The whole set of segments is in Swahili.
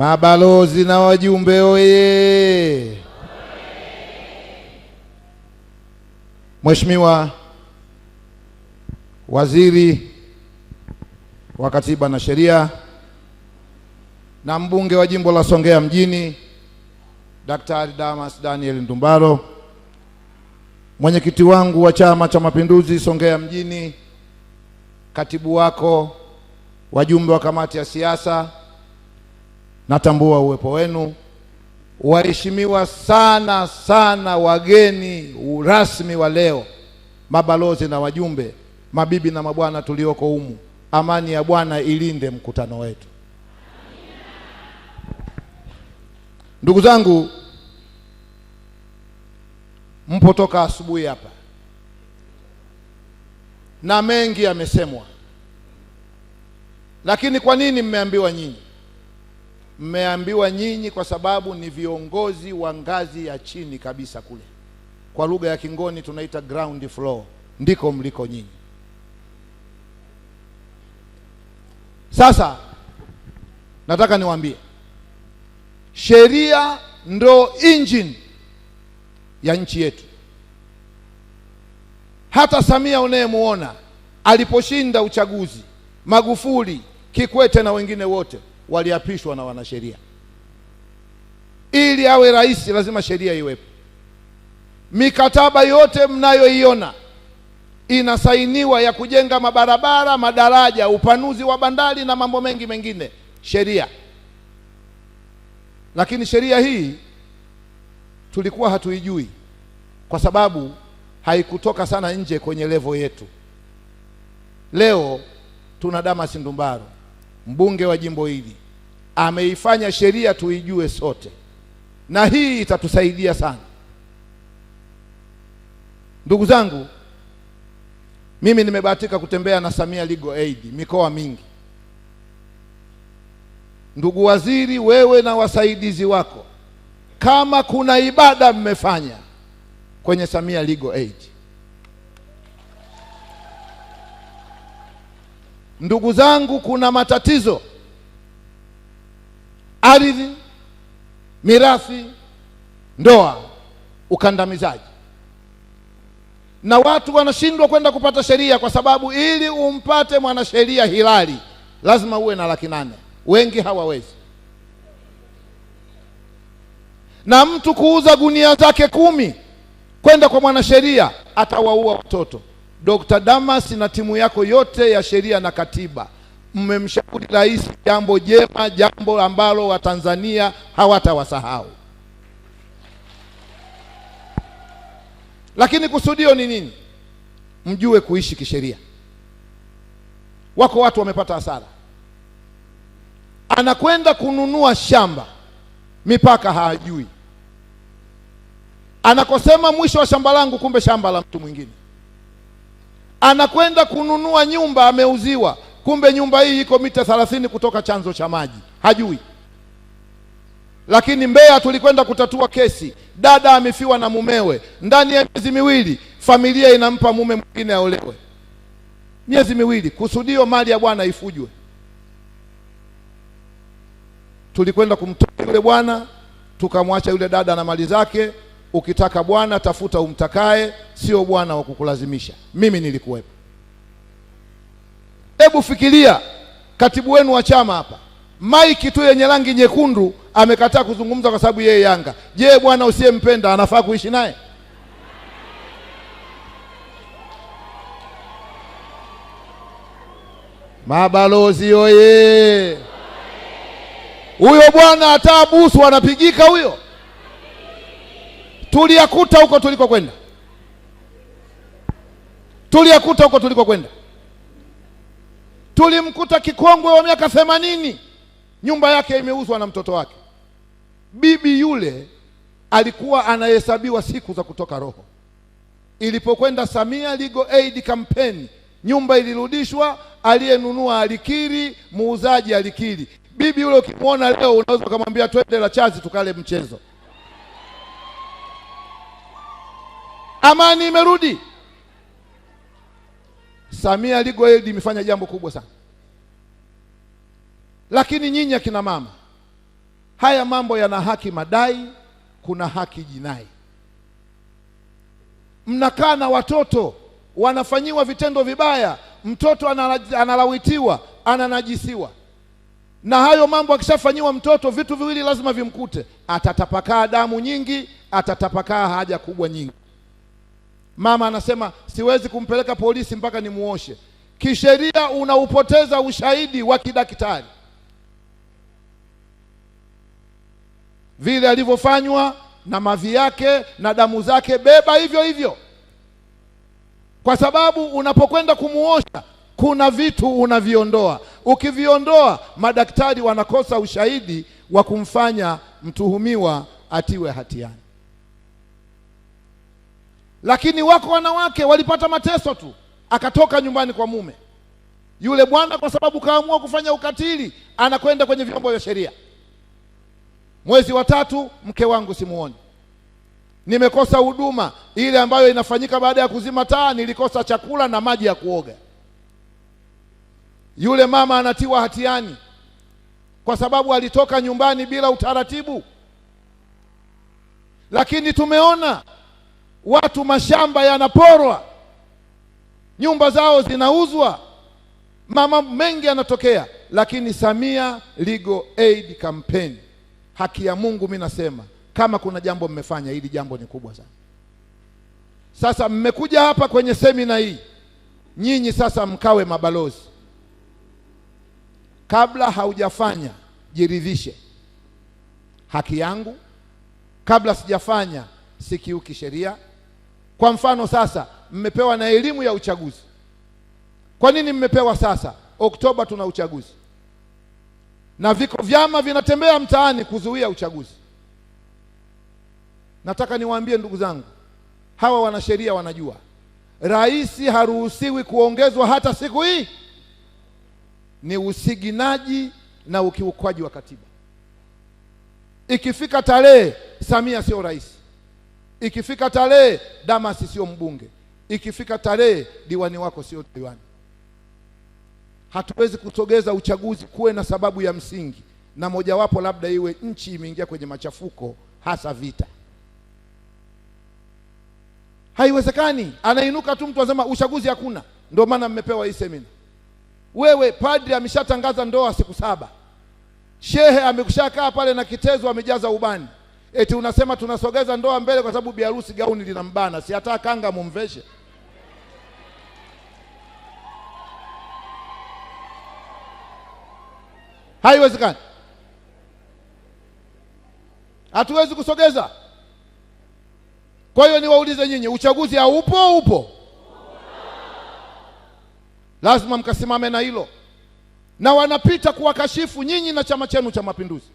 Mabalozi na wajumbe oye! Mheshimiwa Waziri wa Katiba na Sheria na mbunge wa jimbo la Songea mjini Daktari Damas Daniel Ndumbaro, mwenyekiti wangu wa Chama cha Mapinduzi Songea mjini, katibu wako, wajumbe wa kamati ya siasa Natambua uwepo wenu, waheshimiwa sana sana, wageni rasmi wa leo, mabalozi na wajumbe, mabibi na mabwana tulioko humu. Amani ya Bwana ilinde mkutano wetu. Ndugu zangu, mpo toka asubuhi hapa na mengi yamesemwa, lakini kwa nini mmeambiwa nyinyi mmeambiwa nyinyi, kwa sababu ni viongozi wa ngazi ya chini kabisa kule, kwa lugha ya Kingoni tunaita ground floor, ndiko mliko nyinyi. Sasa nataka niwaambie, sheria ndo engine ya nchi yetu. Hata Samia unayemuona aliposhinda uchaguzi, Magufuli, Kikwete na wengine wote waliapishwa na wanasheria. Ili awe rais, lazima sheria iwepo. Mikataba yote mnayoiona inasainiwa ya kujenga mabarabara, madaraja, upanuzi wa bandari na mambo mengi mengine, sheria. Lakini sheria hii tulikuwa hatuijui kwa sababu haikutoka sana nje kwenye levo yetu. Leo tuna Damas Ndumbaro, mbunge wa jimbo hili, ameifanya sheria tuijue sote, na hii itatusaidia sana ndugu zangu. Mimi nimebahatika kutembea na Samia Legal Aid mikoa mingi. Ndugu waziri, wewe na wasaidizi wako, kama kuna ibada mmefanya kwenye Samia Legal Aid, ndugu zangu, kuna matatizo ardhi, mirathi, ndoa, ukandamizaji, na watu wanashindwa kwenda kupata sheria kwa sababu ili umpate mwanasheria halali lazima uwe na laki nane. Wengi hawawezi na mtu kuuza gunia zake kumi kwenda kwa mwanasheria atawaua watoto. Dr. Damas na timu yako yote ya sheria na katiba mmemshauri rais jambo jema, jambo ambalo Watanzania hawatawasahau. Lakini kusudio ni nini? Mjue kuishi kisheria. Wako watu wamepata hasara, anakwenda kununua shamba, mipaka hajui, anakosema mwisho wa shamba langu, kumbe shamba la mtu mwingine. Anakwenda kununua nyumba, ameuziwa kumbe nyumba hii iko mita thelathini kutoka chanzo cha maji, hajui. Lakini Mbeya tulikwenda kutatua kesi, dada amefiwa na mumewe, ndani ya miezi miwili familia inampa mume mwingine aolewe. Miezi miwili, kusudio mali ya bwana ifujwe. Tulikwenda kumtoa yule bwana, tukamwacha yule dada na mali zake. Ukitaka bwana tafuta umtakaye, sio bwana wa kukulazimisha. Mimi nilikuwepo. Hebu fikiria katibu wenu wa chama hapa, maiki tu yenye rangi nyekundu, amekataa kuzungumza kwa sababu yeye Yanga. Je, bwana usiyempenda anafaa kuishi naye? Mabalozi oye! Huyo bwana hata busu anapigika huyo. Tuliyakuta huko tuliko kwenda, tuliyakuta huko tuliko kwenda. Tulimkuta kikongwe wa miaka themanini, nyumba yake imeuzwa na mtoto wake. Bibi yule alikuwa anahesabiwa siku za kutoka roho. Ilipokwenda Samia Legal Aid Campaign, nyumba ilirudishwa, aliyenunua alikiri, muuzaji alikiri. Bibi yule ukimwona leo unaweza ukamwambia twende la chazi tukale mchezo. Amani imerudi. Samia Legal Aid imefanya jambo kubwa sana, lakini nyinyi akina mama, haya mambo yana haki madai, kuna haki jinai. Mnakaa na watoto wanafanyiwa vitendo vibaya, mtoto analawitiwa, ananajisiwa na hayo mambo. Akishafanyiwa mtoto, vitu viwili lazima vimkute: atatapakaa damu nyingi, atatapakaa haja kubwa nyingi. Mama anasema siwezi kumpeleka polisi mpaka nimuoshe. Kisheria unaupoteza ushahidi wa kidaktari, vile alivyofanywa na mavi yake na damu zake, beba hivyo hivyo, kwa sababu unapokwenda kumuosha kuna vitu unaviondoa. Ukiviondoa, madaktari wanakosa ushahidi wa kumfanya mtuhumiwa atiwe hatiani. Lakini wako wanawake walipata mateso tu, akatoka nyumbani kwa mume yule bwana, kwa sababu kaamua kufanya ukatili, anakwenda kwenye vyombo vya sheria. Mwezi wa tatu, mke wangu simuoni, nimekosa huduma ile ambayo inafanyika baada ya kuzima taa, nilikosa chakula na maji ya kuoga. Yule mama anatiwa hatiani kwa sababu alitoka nyumbani bila utaratibu, lakini tumeona watu mashamba yanaporwa, nyumba zao zinauzwa, mama mengi yanatokea, lakini Samia Legal Aid Campaign, haki ya Mungu, mi nasema kama kuna jambo mmefanya, hili jambo ni kubwa sana. Sasa mmekuja hapa kwenye semina hii, nyinyi sasa mkawe mabalozi. Kabla haujafanya jiridhishe, haki yangu, kabla sijafanya sikiuki sheria kwa mfano sasa, mmepewa na elimu ya uchaguzi. Kwa nini mmepewa sasa? Oktoba tuna uchaguzi, na viko vyama vinatembea mtaani kuzuia uchaguzi. Nataka niwaambie ndugu zangu, hawa wanasheria wanajua rais haruhusiwi kuongezwa hata siku hii. Ni usiginaji na ukiukwaji wa katiba. Ikifika tarehe, Samia sio rais. Ikifika tarehe damas sio mbunge, ikifika tarehe diwani wako sio diwani. Hatuwezi kusogeza uchaguzi, kuwe na sababu ya msingi, na mojawapo labda iwe nchi imeingia kwenye machafuko, hasa vita. Haiwezekani, anainuka tu mtu anasema uchaguzi hakuna. Ndio maana mmepewa hii semina. Wewe padri ameshatangaza ndoa siku saba, shehe amekushakaa pale na kitezo amejaza ubani Eti unasema tunasogeza ndoa mbele kwa sababu biharusi gauni linambana, si hata kanga mumveshe. Haiwezekani, hatuwezi kusogeza. Kwa hiyo niwaulize nyinyi, uchaguzi haupo? Upo, lazima mkasimame na hilo, na wanapita kuwakashifu nyinyi na chama chenu cha Mapinduzi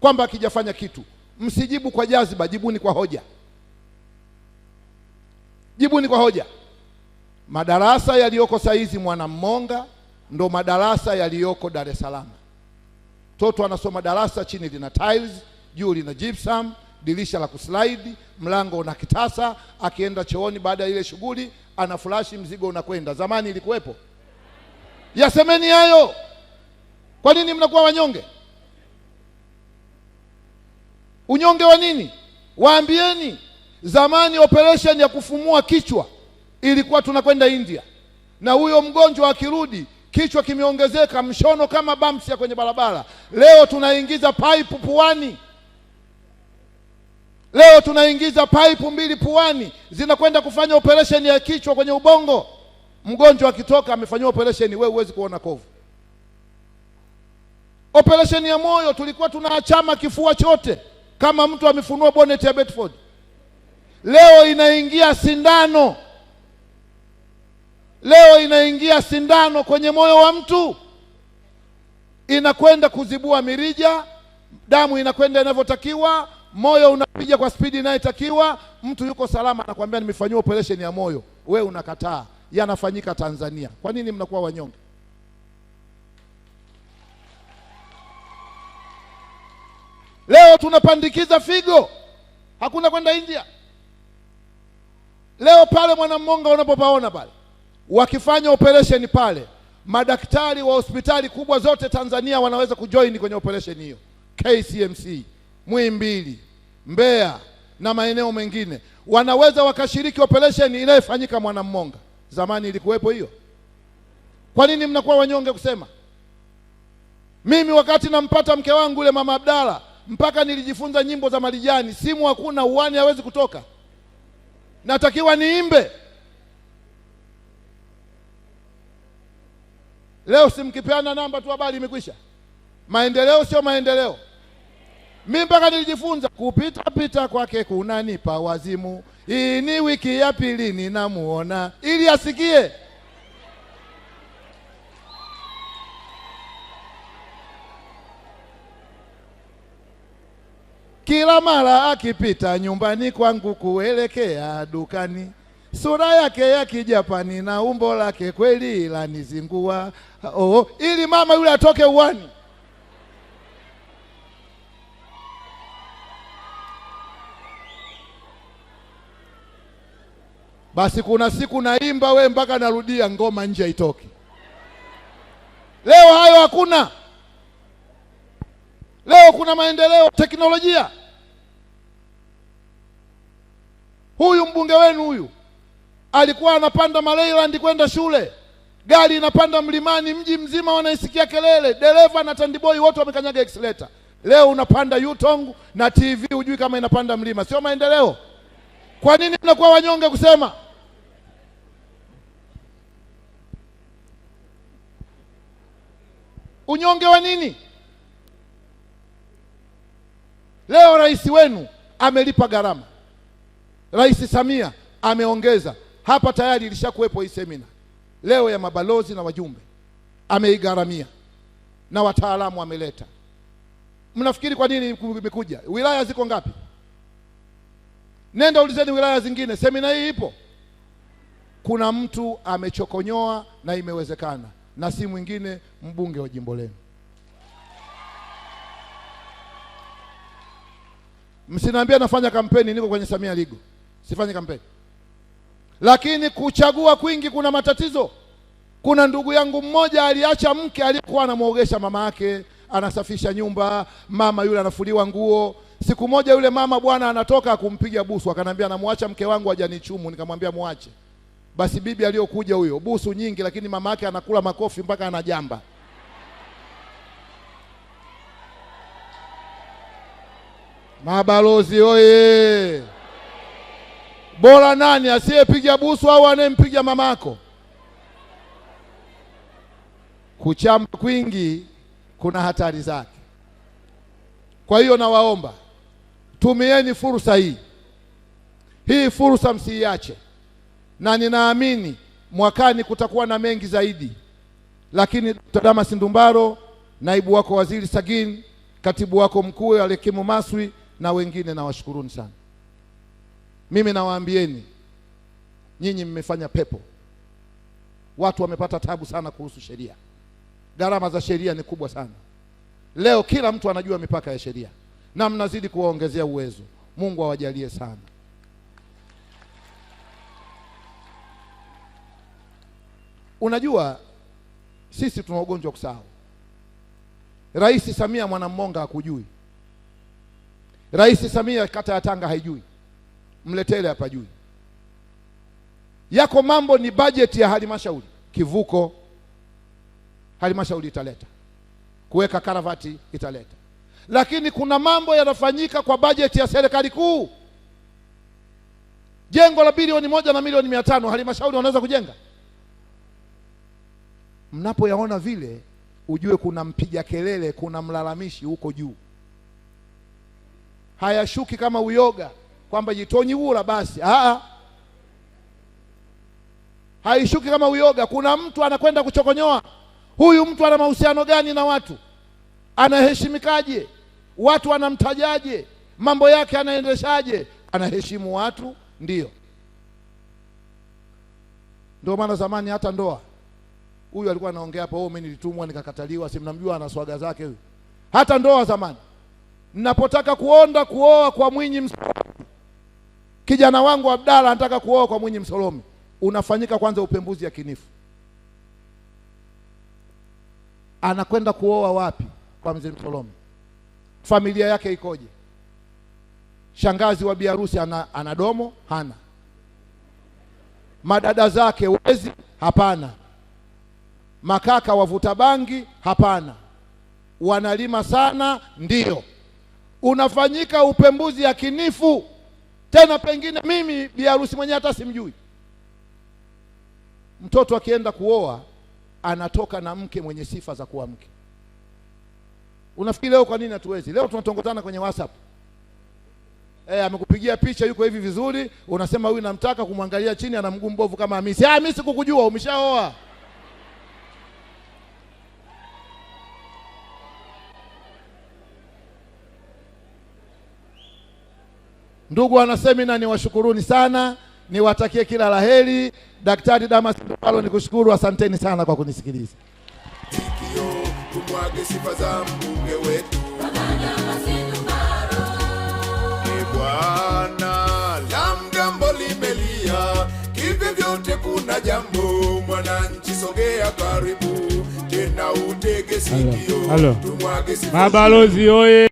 kwamba akijafanya kitu msijibu kwa jaziba, jibuni kwa hoja, jibuni kwa hoja. Madarasa yaliyoko saizi Mwanammonga ndo madarasa yaliyoko Dar es Salaam. Mtoto anasoma darasa, chini lina tiles, juu lina gypsum, dirisha la kuslide, mlango una kitasa. Akienda chooni baada ya ile shughuli, ana flashi, mzigo unakwenda. Zamani ilikuwepo? Yasemeni hayo. Kwa nini mnakuwa wanyonge? Unyonge wa nini? Waambieni, zamani operation ya kufumua kichwa ilikuwa tunakwenda India, na huyo mgonjwa akirudi kichwa kimeongezeka, mshono kama bumps ya kwenye barabara. Leo tunaingiza pipe puani, leo tunaingiza pipe mbili puani, zinakwenda kufanya operation ya kichwa kwenye ubongo. Mgonjwa akitoka amefanyiwa operation, wewe huwezi kuona kovu. Operation ya moyo tulikuwa tunaachama kifua chote kama mtu amefunua bonnet ya Bedford, leo inaingia sindano, leo inaingia sindano kwenye moyo wa mtu, inakwenda kuzibua mirija, damu inakwenda inavyotakiwa, moyo unapiga kwa spidi inayotakiwa, mtu yuko salama, anakuambia nimefanyiwa operation ya moyo, we unakataa. Yanafanyika Tanzania. Kwa nini mnakuwa wanyonge? Leo tunapandikiza figo, hakuna kwenda India. Leo pale Mwanammonga unapopaona pale wakifanya operesheni pale, madaktari wa hospitali kubwa zote Tanzania wanaweza kujoin kwenye operesheni hiyo, KCMC Muhimbili, Mbeya na maeneo mengine wanaweza wakashiriki operesheni inayofanyika Mwanammonga. Zamani ilikuwepo hiyo. Kwa nini mnakuwa wanyonge kusema? Mimi wakati nampata mke wangu yule mama Abdalla mpaka nilijifunza nyimbo za Marijani. Simu hakuna, uwani hawezi kutoka, natakiwa niimbe. Leo simkipeana namba tu, habari imekwisha. Maendeleo sio maendeleo. Mi mpaka nilijifunza kupitapita kwake kunanipa wazimu. Hii ni wiki ya pili ninamuona, ili asikie Kila mara akipita nyumbani kwangu kuelekea dukani, sura yake ya kijapani na umbo lake kweli lanizingua. Oh, ili mama yule atoke uwani. Basi kuna siku naimba we mpaka narudia ngoma nje itoke. Leo hayo hakuna leo kuna maendeleo teknolojia. Huyu mbunge wenu huyu alikuwa anapanda Maryland kwenda shule, gari inapanda mlimani, mji mzima wanaisikia kelele, dereva na tandiboi wote wamekanyaga accelerator. Leo unapanda Yutong na TV hujui kama inapanda mlima, sio maendeleo? Kwa nini mnakuwa wanyonge kusema? Unyonge wa nini? rais wenu amelipa gharama, Rais Samia ameongeza hapa. Tayari ilishakuwepo hii semina leo ya mabalozi na wajumbe, ameigharamia na wataalamu ameleta. Mnafikiri kwa nini imekuja? Wilaya ziko ngapi? Nenda ulizeni wilaya zingine, semina hii ipo. Kuna mtu amechokonyoa na imewezekana, na si mwingine mbunge wa jimbo lenu. Msiniambie nafanya kampeni, niko kwenye Samia Ligo, sifanye kampeni. Lakini kuchagua kwingi kuna matatizo. Kuna ndugu yangu mmoja aliacha mke aliyekuwa anamwogesha mama yake, anasafisha nyumba, mama yule anafuliwa nguo. Siku moja yule mama bwana anatoka kumpiga busu, akanambia namwacha mke wangu hajanichumu. Nikamwambia muache basi. Bibi aliyokuja huyo busu nyingi, lakini mama yake anakula makofi mpaka anajamba. Mabalozi oye! Bora nani, asiyepiga busu au anayempiga mamako? Kuchama kwingi kuna hatari zake. Kwa hiyo nawaomba, tumieni fursa hii, hii fursa msiiache, na ninaamini mwakani kutakuwa na mengi zaidi. Lakini Dkt. Damas Ndumbaro, naibu wako waziri Sagini, katibu wako mkuu Alekimu Maswi na wengine nawashukuruni sana. Mimi nawaambieni nyinyi, mmefanya pepo. Watu wamepata tabu sana kuhusu sheria, gharama za sheria ni kubwa sana. Leo kila mtu anajua mipaka ya sheria na mnazidi kuwaongezea uwezo. Mungu awajalie sana. Unajua, sisi tuna ugonjwa kusahau. Rais Samia Mwanammonga hakujui Rais Samia kata ya Tanga haijui, mletele hapa juu. Yako mambo ni bajeti ya halmashauri, kivuko halmashauri italeta, kuweka karavati italeta, lakini kuna mambo yanafanyika kwa bajeti ya serikali kuu. Jengo la bilioni moja na milioni mia tano halmashauri wanaweza kujenga? Mnapoyaona vile, ujue kuna mpiga kelele, kuna mlalamishi huko juu hayashuki kama uyoga kwamba jitonyivula basi Aa. haishuki kama uyoga. Kuna mtu anakwenda kuchokonyoa. Huyu mtu ana mahusiano gani na watu? Anaheshimikaje? watu wanamtajaje? mambo yake anaendeshaje? Anaheshimu watu? ndio ndio maana zamani hata ndoa, huyu alikuwa anaongea hapo, oh, mimi nilitumwa nikakataliwa, si mnamjua ana swaga zake huyu. Hata ndoa zamani Mnapotaka kuonda kuoa kwa Mwinyi Msolomi, kijana wangu Abdalla anataka kuoa kwa Mwinyi Msolomi, unafanyika kwanza upembuzi yakinifu. Anakwenda kuoa wapi? Kwa mzee Msolomi. Familia yake ikoje? Shangazi wa biharusi ana, ana domo? Hana. Madada zake wezi? Hapana. Makaka wavuta bangi? Hapana. Wanalima sana? ndio unafanyika upembuzi yakinifu, tena pengine mimi bi harusi mwenyewe hata simjui. Mtoto akienda kuoa anatoka na mke mwenye sifa za kuwa mke. Unafikiri leo kwa nini hatuwezi? Leo tunatongotana kwenye WhatsApp. Eh, amekupigia picha yuko hivi vizuri, unasema huyu namtaka, kumwangalia chini ana mguu mbovu kama Hamisi. Ah, mimi sikukujua umeshaoa. Ndugu wanasemina, niwashukuruni sana, niwatakie kila laheri. Daktari Damas Ndupalo, nikushukuru, asanteni sana kwa kunisikiliza. Bwana, la mgambo limelia kivyovyote, kuna jambo. Mwananchi sogea karibu tena, utege sikio, tumwage sifa. Mabalozi oye!